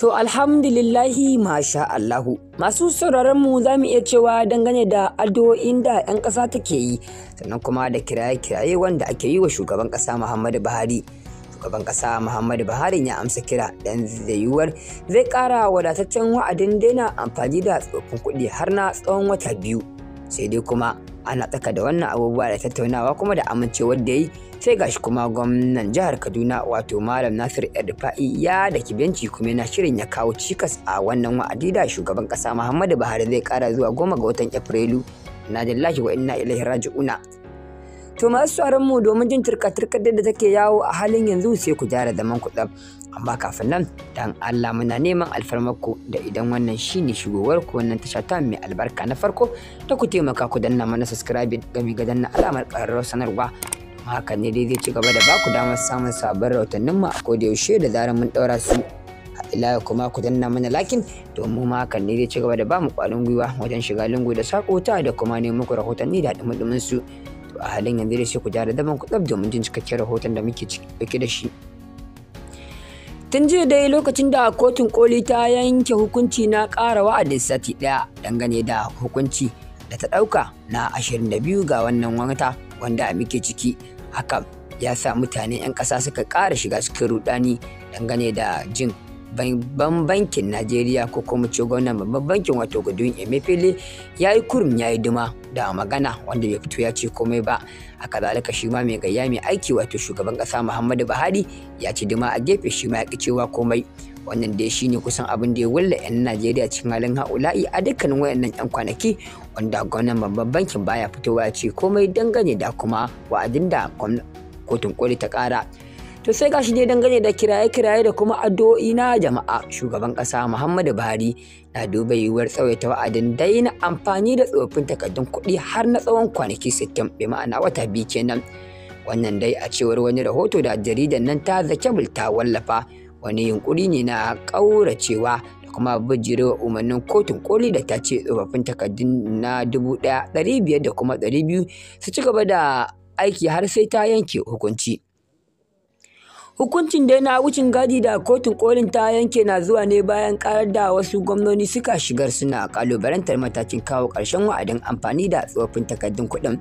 To alhamdulillahi masha Allahu masu sauraron mu za mu iya cewa dangane da addu'o'in da 'yan ƙasa take yi sannan kuma da kiraye-kiraye wanda ake yi wa shugaban ƙasa Muhammadu Buhari. Shugaban ƙasa Muhammadu Buhari ya amsa kira dan da zai ƙara wadataccen wa'adin daina amfani da tsofaffin kuɗi har na tsawon wata biyu. Sai dai kuma ana tsaka da wannan abubuwa da tattaunawa kuma da amincewar da ya yi sai gashi kuma gwamnan jihar kaduna wato malam nasir erfa'i ya da benci kuma yana shirin ya kawo cikas a wannan wa'adi da shugaban kasa muhammadu buhari zai kara zuwa goma ga watan afrilu na lillahi wa inna ilaihi raji'una to masu tsaron mu domin jin turka turka da take yawo a halin yanzu sai ku gyara zaman ku amma kafin nan dan Allah muna neman alfarmarku da idan wannan shine shigowar ku wannan tasha ta mai albarka na farko ta ku taimaka ku danna mana ga mi ga danna alamar karar sanarwa haka ne dai zai ci gaba da baku damar samun sabon rahotannin mu a koda yaushe da zarar mun daura su ila kuma ku danna mana lakin domin ma hakan ne zai ci gaba da bamu kwarin gwiwa wajen shiga lungu da sakota da kuma ne muku rahotanni da dumudumin su to a halin yanzu da sai ku jara daban ku tsab domin jin cikakken rahoton da muke ciki da shi tun jiya dai lokacin da kotun koli ta yanke hukunci na ƙara wa'adin sati daya dangane da hukunci da ta dauka na 22 ga wannan wata wanda a muke ciki haka ya sa mutane 'yan ƙasa suka ƙara shiga cikin rudani dangane da jin babban bankin najeriya ko kuma ce gwamnan babban bankin wato gudun emefele ya yi kurum ya yi duma da magana wanda bai fito ya ce komai ba a zalika shi ma mai gayya mai aiki wato shugaban ƙasa muhammadu buhari ya ci duma a gefe shi ma ya komai wannan dai shine kusan abin da ya wulla 'yan najeriya cikin halin ha'ula'i a dukkanin wayannan 'yan kwanaki wanda gwamnan babban bankin baya fitowa ya ce komai dangane da kuma wa'adin da kotun koli ta kara to sai gashi ne dangane da kiraye-kiraye da kuma addu'o'i na jama'a shugaban kasa muhammadu buhari na duba yiwuwar tsawaita wa'adin daina amfani da tsofaffin takardun kuɗi har na tsawon kwanaki sittin, bi ma'ana wata biyu kenan wannan dai a cewar wani rahoto da jaridar nan ta zakebul ta wallafa wani yunkuri ne na ƙauracewa da kuma bijirewa umarnin kotun koli da ta ce tsofaffin takardun na dubu da kuma ɗari su ci gaba da aiki har sai ta yanke hukunci. Hukuncin dai na wucin gadi da kotun kolin ta yanke na zuwa ne bayan karar da wasu gwamnoni suka shigar suna kalubalantar matakin kawo ƙarshen wa'adin amfani da tsofaffin takardun kuɗin.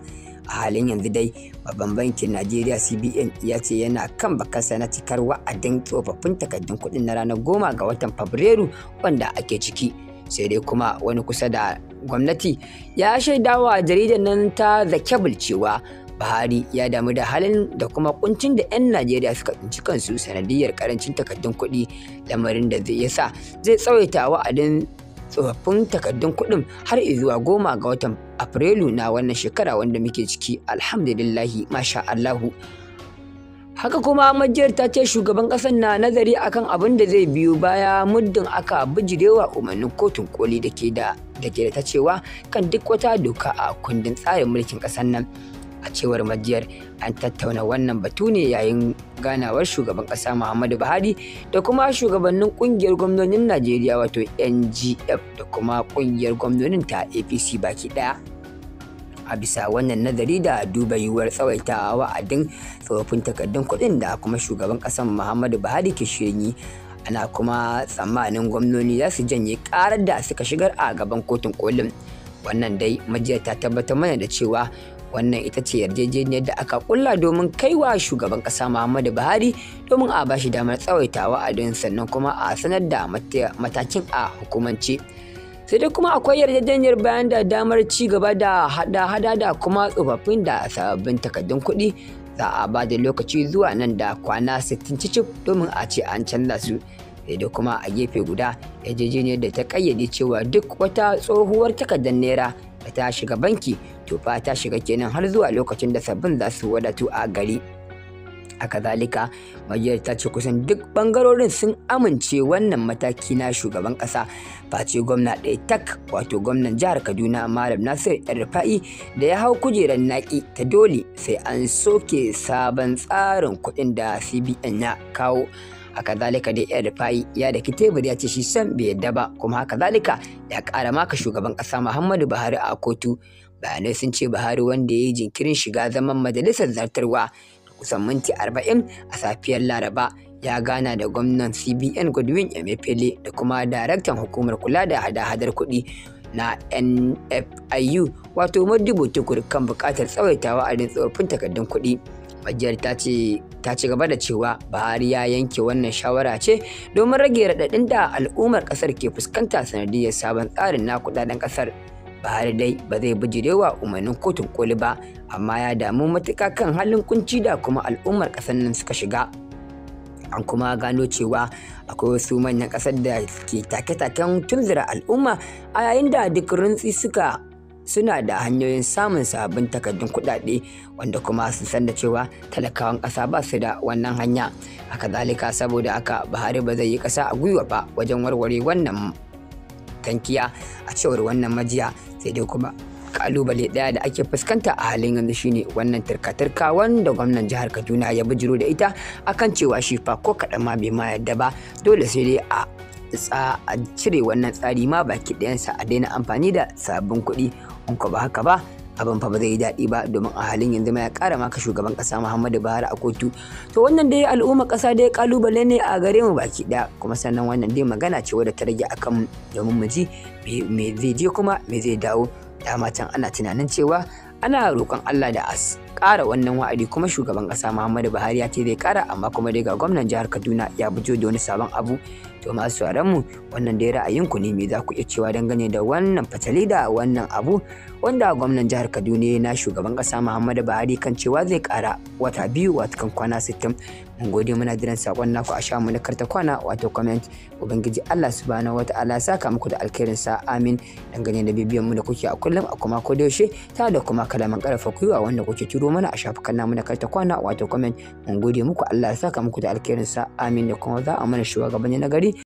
a halin yanzu dai babban bankin najeriya cbn ya ce yana kan bakansa na cikar wa'adin tsofaffin takardun kuɗin na ranar goma ga watan fabrairu wanda ake ciki sai dai kuma wani kusa da gwamnati ya shaidawa jaridar nan ta the cable cewa Buhari ya damu da halin da kuma kuncin da 'yan Najeriya suka tsinci kansu sanadiyar karancin takardun kuɗi lamarin da zai yasa zai tsawaita wa'adin tsofaffin takaddun kuɗin har zuwa goma ga watan afrilu na wannan shekara wanda muke ciki alhamdulillahi masha allahu haka kuma majiyar ta ce shugaban kasar na nazari akan abin da zai biyo baya muddin aka bijirewa umarnin kotun koli da ke da ta cewa kan duk wata doka a kundin tsarin mulkin kasar nan a cewar majiyar an tattauna wannan batu ne yayin ganawar shugaban ƙasa muhammadu buhari da kuma shugabannin ƙungiyar gwamnonin najeriya wato ngf da kuma ƙungiyar gwamnonin ta apc baki ɗaya a bisa wannan nazari da duba yiwuwar tsawaita wa'adin tsofaffin takardun kuɗin da kuma shugaban ƙasar muhammadu buhari ke shirin yi ana kuma tsammanin gwamnoni za su janye ƙarar da suka shigar a gaban kotun kolin wannan dai majiyar ta tabbatar mana da cewa wannan ita ce yarjejeniyar da aka kulla domin kaiwa shugaban kasa muhammadu buhari domin a bashi damar tsawaita wa'adin sannan kuma a sanar da matakin a hukumance sai dai kuma akwai yarjejeniyar bayan da damar ci gaba da hada-hada da kuma tsofaffin da sababbin takardun kuɗi za a ba da lokaci zuwa nan da kwana 60 cikin domin a ce an canza su sai kuma a gefe guda yarjejeniyar da ta kayyade cewa duk wata tsohuwar takardar naira da ta shiga banki to fa ta shiga kenan har zuwa lokacin da sabbin za su wadatu a gari a kazalika majiyar ta ce kusan duk bangarorin sun amince wannan mataki na shugaban kasa face gwamna ɗaya tak wato gwamnan jihar kaduna malam nasir yan rufa'i da ya hau kujerar naki ta dole sai an soke sabon tsarin kuɗin da cbn ya kawo haka zalika dai yar fayi ya da tebur ya ce shi san bai yadda ba kuma haka zalika ya kara maka shugaban kasa muhammadu buhari a kotu bayanai sun ce buhari wanda ya yi jinkirin shiga zaman majalisar zartarwa da kusan minti arba'in a safiyar laraba ya gana da gwamnan cbn godwin emefele da kuma daraktan hukumar kula da hada-hadar kuɗi na nfiu wato madibo kan buƙatar tsawaitawa a tsofaffin takardun kuɗi Fajiyar ta ci gaba da cewa buhari ya yanke wannan shawara ce domin rage raɗaɗin da al'ummar ƙasar ke fuskanta sanadiyar sabon tsarin na kuɗaɗen ƙasar buhari dai ba zai bijirewa umarnin kotun koli ba amma ya damu matuka kan halin kunci da kuma al'ummar ƙasar nan suka shiga an kuma gano cewa akwai wasu manyan ƙasar da ke take-taken tunzura al'umma a yayin da duk rintsi suka suna da hanyoyin samun sabbin takardun kuɗaɗe wanda kuma sun san da cewa talakawan ƙasa ba su da wannan hanya haka zalika saboda haka buhari ba zai yi kasa a gwiwa ba wajen warware wannan tankiya a cewar wannan majiya sai dai kuma kalubale ɗaya da ake fuskanta a halin yanzu shine wannan turka wanda gwamnan jihar kaduna ya bijiro da ita akan cewa shi fa ko kaɗan ma bai ma yadda ba dole sai dai a a cire wannan tsari ma baki ɗayansa a daina amfani da sabbin kuɗi in ba haka ba abin fa ba zai yi daɗi ba domin a halin yanzu ma ya ƙara maka shugaban ƙasa Muhammadu Buhari a kotu to wannan dai al'umma ƙasa dai kalubale ne a gare mu baki ɗaya kuma sannan wannan dai magana ce wadda ta rage akan domin mu ji me zai je kuma me zai dawo dama can ana tunanin cewa ana roƙon Allah da as kara wannan wa'adi kuma shugaban ƙasa Muhammadu Buhari ya ce zai kara amma kuma dai ga gwamnan jihar Kaduna ya buje da wani sabon abu to masu mu wannan dai ra'ayinku ne me za ku iya cewa dangane da wannan fatali da wannan abu wanda gwamnan jihar Kaduna na shugaban ƙasa Muhammadu Buhari kan cewa zai kara wata biyu wata kan kwana 60 mun gode muna jiran sakon naku a shamu na karta kwana wato comment ubangiji Allah subhanahu wata'ala saka muku da alkhairin sa amin dangane da bibiyan mu da kuke a kullum a kuma ko yaushe ta da kuma kalaman karfa kuiwa wanda kuke turo mana a shafukan namu na karta kwana wato comment mun gode muku Allah saka muku da alkhairin sa amin da kuma za a mana shugabanni na gari